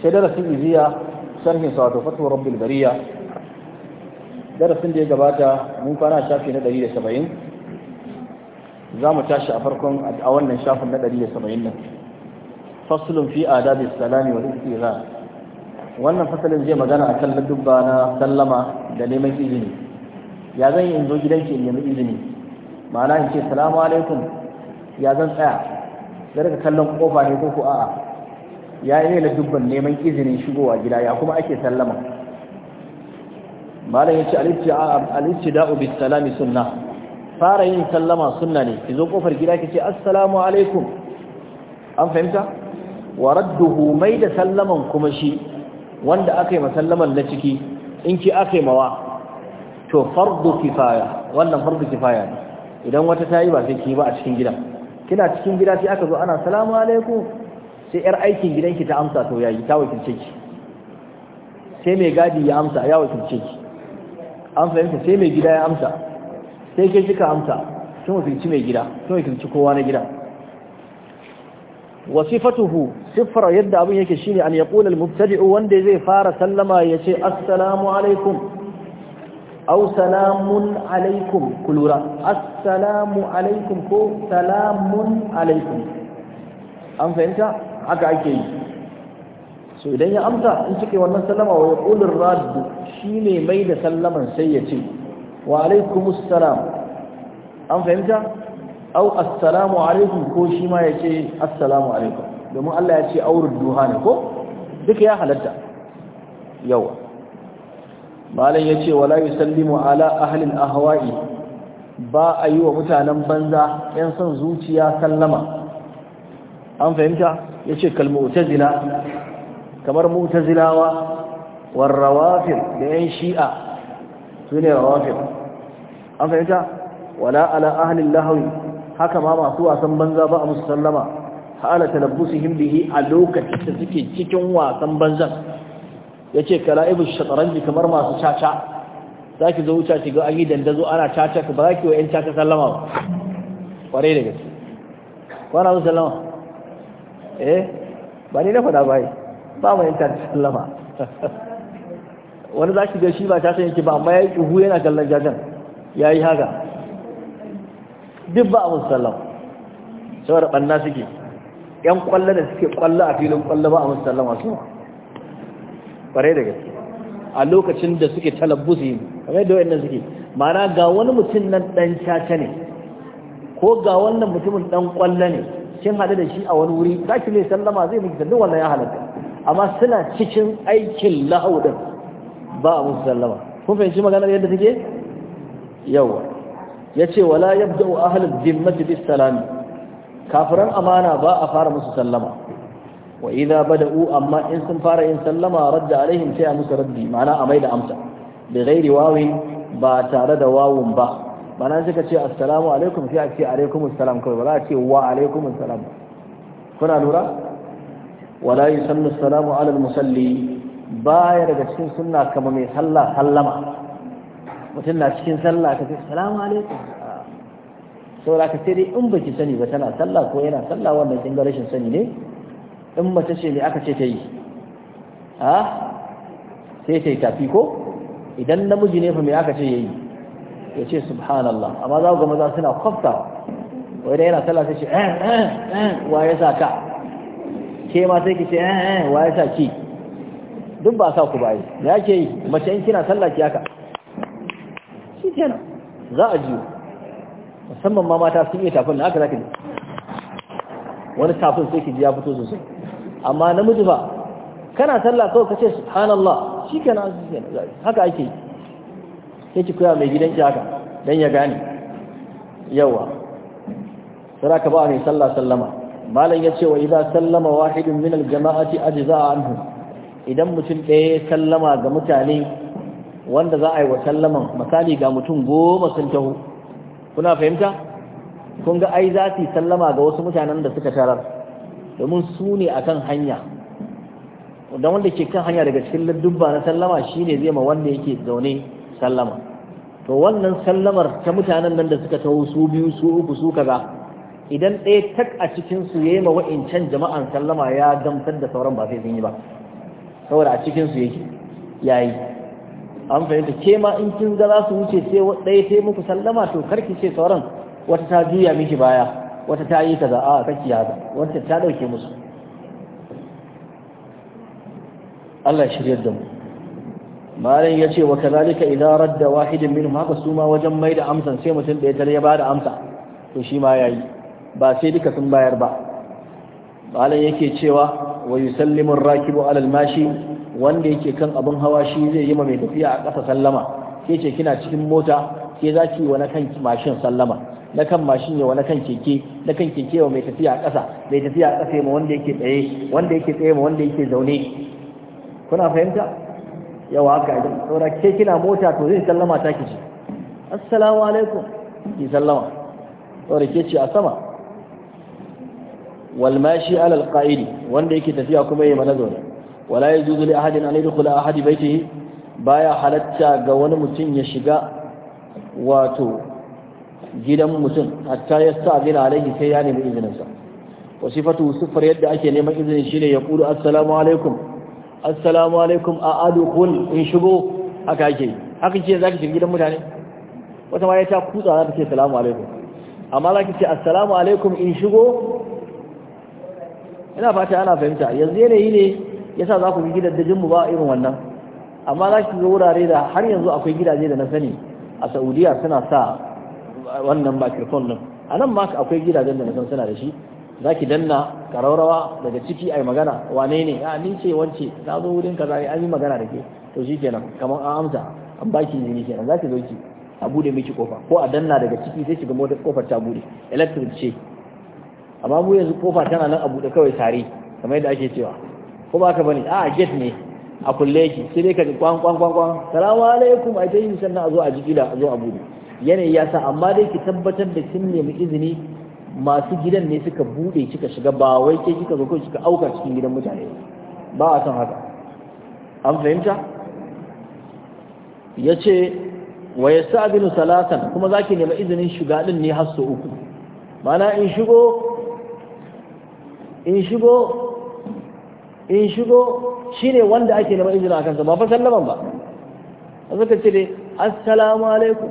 sai darasin iziya sharhin sa wato fatuwar rabbil bariya darasin da ya gabata mun kwana shafi na 170 za mu tashi a farkon a wannan shafin na 170 nan faslun fi adabi salami wal istira wannan fasalin zai magana a akan dubba na sallama da neman izini ya zan yi in zo gidanki in nemi izini ma'ana in ce salamu alaikum ya zan tsaya da daga kallon kofa ne ko ko a'a ya yi la dubban neman izinin shigowa gida ya kuma ake sallama malam yace al da'u bis-salami sunna fara yin sallama suna ne Ki zo kofar gida kace assalamu alaikum an fahimta wa radduhu mai da sallaman kuma shi wanda aka yi masallaman na ciki in ki aka yi mawa to fardu kifaya wannan fardu kifaya idan wata ta yi ba sai ki ba a cikin gida kina cikin gida sai aka zo ana assalamu alaikum sai yar aikin gidanki ta amsa to yayi ta wakilce ki sai mai gadi ya amsa ya wakilce ki an fahimta sai mai gida ya amsa sai ke kika amsa sun wakilci mai gida sun wakilci kowa na gida wasifatuhu siffar yadda abin yake shine an yaqula al-mubtadi'u wanda zai fara sallama ya ce assalamu alaikum au salamun alaikum kulura assalamu alaikum ko salamun alaikum an fahimta haka ake yi so idan ya amsa in cike wannan sallama wa yaqulur radd shine mai da sallaman sai ya ce wa alaikumus salam an fahimta au assalamu alaikum ko shi ma ya ce assalamu alaikum domin Allah ya ce aurin duha ne ko duka ya halatta yawa malam ya ce wala yusallimu ala ahlil ahwa'i ba a yi wa mutanen banza yan son zuciya sallama an fahimta ya ce kalmutazila kamar mutazilawa warrawafin da yan shi'a su ne rawafir an fahimta wala ala ahalin lahawi haka ma masu wasan banza ba a musu sallama hala talabbusihim himbihi a lokacin da suke cikin wasan banzan ya ce kala'ibu shataranji kamar masu caca za ki zo wuce shiga a an yi dandazo ana caca ka ba za ki wa 'yan caca sallama ba ƙwarai da gaske kwana musu sallama eh ba ni na faɗa ba yi ba mai ta lama wani za ki ga shi ba ta san yake ba amma ya yi ƙuhu yana kallon jajen ya yi haka duk ba a musu sallama saboda ɓanna suke yan ƙwallo da suke ƙwallo a filin ƙwallo ba a musu sallama su ƙwarai da gaske a lokacin da suke talabbusi kamar yadda wa'annan suke ma'ana ga wani mutum nan ɗan caca ne ko ga wannan mutumin ɗan ƙwallo ne kin hada da shi a wani wuri za ki sallama zai miki sallama wannan ya halatta amma suna cikin aikin lahau ba a musu sallama kun fahimci maganar yadda take yawa ya ce wala yabda'u ahlul zimmati bis salami kafiran amana ba a fara musu sallama wa da bada'u amma in sun fara yin sallama radda alaihim sai a musu raddi ma'ana a mai da amsa bi ghairi wawin ba tare da wawun ba ba na suka ce assalamu alaikum sai a ce alaikum assalam kawai ba za a ce wa alaikum assalam kuna lura wala yusallu assalamu ala musalli baya daga cikin sunna kama mai sallah sallama mutum na cikin sallah ka ce assalamu alaikum saboda ka sai dai in baki sani ba tana sallah ko yana sallah wannan kin rashin sani ne in mace ce me aka ce ta yi ha ah? sai ta yi tafi ko idan namiji ne fa me aka ce yi. ya ce subhanallah amma za ga maza suna kwafta wai da yana sallah sai ce eh eh eh wa ya sa ka ke ma sai ki ce eh eh wa ya sa ki duk ba sa ku ba yi ya ke yi mace in kina sallah ki haka shi kenan za a jiyo musamman ma mata sun iya tafin da haka zaki wani tafin sai ki ji ya fito sosai amma namiji ba kana sallah kawai ka ce subhanallah shi kenan haka ake yi sai ki koya mai gidanki haka dan ya gane yawa sai ka ba mai sallah sallama malam ya ce wa idza sallama wahidun min aljama'ati ajza anhu idan mutum ɗaya ya sallama ga mutane wanda za a yi wa sallaman misali ga mutum goma sun taho kuna fahimta kun ga ai za su yi sallama ga wasu mutanen da suka tarar domin su ne akan hanya don wanda ke kan hanya daga cikin lardubba na sallama shine zai ma wanda yake zaune sallama to wannan sallamar ta mutanen nan da suka taho su biyu su uku su kaza idan ɗaya tak a cikin su yayi ma wa'incan jama'an sallama ya gamsar da sauran ba sai sun yi ba saboda a cikin su yake yayi an fahimta ke ma in kin ga za su wuce sai ɗaya sai muku sallama to karki ce sauran wata ta juya miki baya wata ta yi kaza a ya yaza wata ta ɗauke musu Allah shirya da mu malam ya ce wa kazalika idan radda wahidin minhum haka suma wajen mai da amsan sai mutum da ya tare ya ba da amsa to shi ma yayi ba sai duka sun bayar ba malam yake cewa wa yusallimu rakibu alal mashi wanda yake kan abun hawa shi zai yi ma mai tafiya a ƙasa sallama ke ce kina cikin mota ke za ki wa na kan mashin sallama na kan mashin ya wa na kan keke na kan keke wa mai tafiya a ƙasa mai tafiya a ƙasa ma wanda yake tsaye wanda yake tsaye ma wanda yake zaune kuna fahimta yawa haka idan saura ke kina mota to zai sallama ta ki ce assalamu alaikum ki sallama saura ke ce a sama wal mashi alal qa'idi wanda yake tafiya kuma yayi manazori wala yajuzu li ahadin an yadkhula ahadi baitihi baya halatta ga wani mutum ya shiga wato gidan mutum hatta yasta'zina alaihi sai ya nemi izininsa wa sifatu sifar yadda ake neman izini shine ya qulu assalamu alaikum assalamu alaikum a adukul in shigo haka ake haka ce za ka shiga gidan mutane wata ma ya ta kutsa za ta ce salamu alaikum amma za ki ce assalamu alaikum in shigo ina fata ana fahimta yanzu yanayi ne yasa za ku gida gidajen mu ba irin wannan amma za ki zo wurare da har yanzu akwai gidaje da na sani a saudiya suna sa wannan microphone din a nan ma akwai gidajen da na san suna da shi za ki danna ƙararrawa daga ciki a yi magana wane ne a ah, ni ce wance na zo wurin kaza an yi magana da ke to shi kenan kamar an amsa an baki ni kenan za ki zo ki a bude miki kofa ko a danna daga ciki sai shiga motar kofar ta bude electric ce amma mu yanzu kofa tana nan a bude kawai tare kamar yadda ake cewa ko ba ka bane a ah, gate ne a kulle ki. sai dai ka ji kwan kwan kwan kwan salamu alaikum ai dai sannan a zo a ji a zo a bude yanayi ya sa amma dai ki tabbatar da kin nemi izini masu gidan ne suka bude kika shiga ba wai ke kika zo ko kika auka cikin gidan mutane ba a san haka an fahimta ya ce wa ya salatan kuma zaki nema izinin shiga ɗin ne har uku mana in shigo in shigo in shigo shine wanda ake nema izinin a sa ba fa sallaman ba a ce dai assalamu alaikum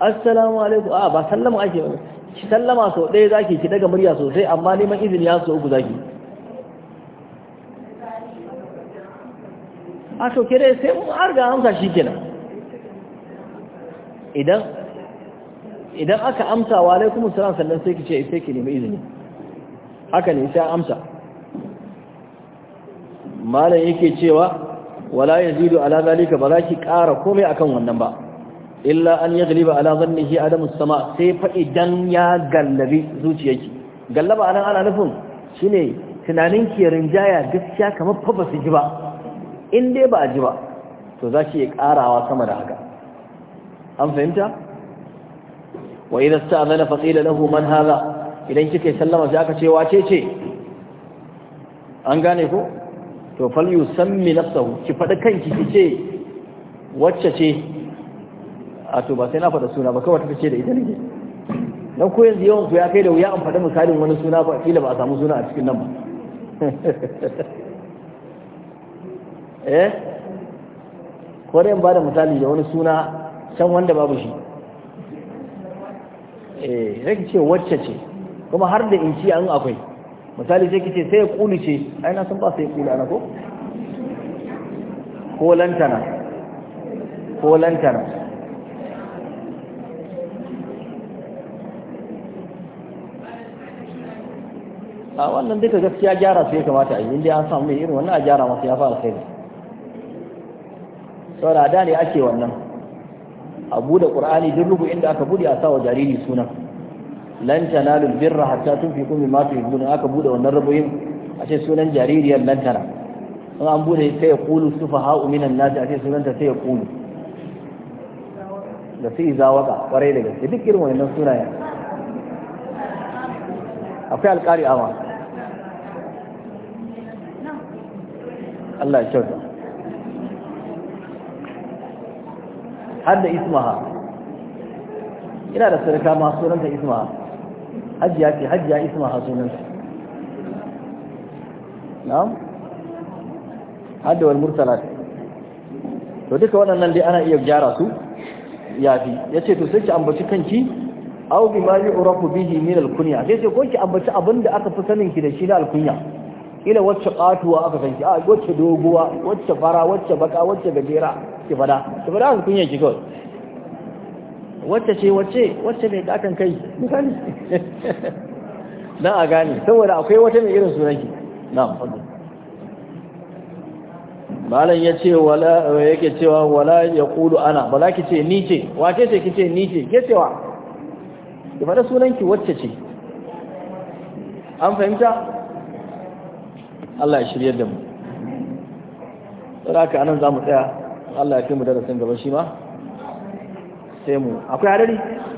assalamu alaikum a ba sallama ake ba ki sallama sau ɗaya zaki ki daga murya sosai amma neman izini ya so uku zaki a to dai sai mun arga amsa shikenan idan idan aka amsa wa alaikum salam sannan sai ki ce sai ki nemi izini haka ne sai amsa malam yake cewa wala yazidu ala zalika ba za ki ƙara komai akan wannan ba illa an yagliba ala zannihi adamu sama sai faɗi idan ya gallabi zuciyarki gallaba nan ana nufin shine tunanin ki rinjaya gaskiya kamar fa basu ji ba in dai ba a ji ba to za ki karawa sama da haka an fahimta wa idza sta'zana fa da lahu man haza, idan kike sallama sai aka ce wace ce an gane ko to fal yusammi nafsahu ki faɗi kanki ki ce wacce ce a to ba sai na faɗa suna ba kawai ta ce da ita ne dan ko yanzu yawan ya kai da wuya an faɗa misalin wani suna ba kila ba a samu suna a cikin nan ba eh ko dai ba da misali da wani suna can wanda babu shi eh rage ce wacce ce kuma har da in ci an akwai misali sai kice sai ya kuli ce ai na san ba sai ya kuli ana ko ko lantana ko lantana a wannan duka gaskiya gyara su ya kamata a yi inda an samu mai irin wannan a gyara masu ya fara da saboda da ne ake wannan a bude ƙur'ani duk rubu inda aka bude a sa wa jariri sunan lan tanalul birra hatta tunfiqu mimma tuhibbun aka bude wannan rubuyin a ce sunan jaririyar lantana. tana in an bude sai ya fa ha'u minan nata, a ce sunanta sai ya kulu da sai zawaka kwarai da gaske duk irin wannan sunayen akwai alƙari awa Allah ya kyauta har da ismaha ina da sarka ma sunanta ismaha hajjiya ce hajjiya ismaha sunanta na'am har da wal murtala to duka waɗannan dai ana iya gyara su yafi ce to sai ki ambaci kanki ma yi urafu bihi min al-kunya sai ko ki ambaci abin da aka fi sanin ki da shi na al-kunya ila wacce katuwa aka sanki a wacce doguwa wacce fara wacce baka wacce gajera ki fada ki fada su kunya ki kawai wacce ce wacce wacce mai dakan kai misali na a gane saboda akwai wata mai irin sunan ki na'am fadu malam ya ce wala yake cewa wala ya kulu ana ba za ki ce ni ce wace ce ki ce ni ce ke cewa ki fada sunan ki wacce ce an fahimta Allah ya shirya da mu saboda anan za mu tsaya Allah ya kai mu darasin gaba shi ma sai mu akwai hadari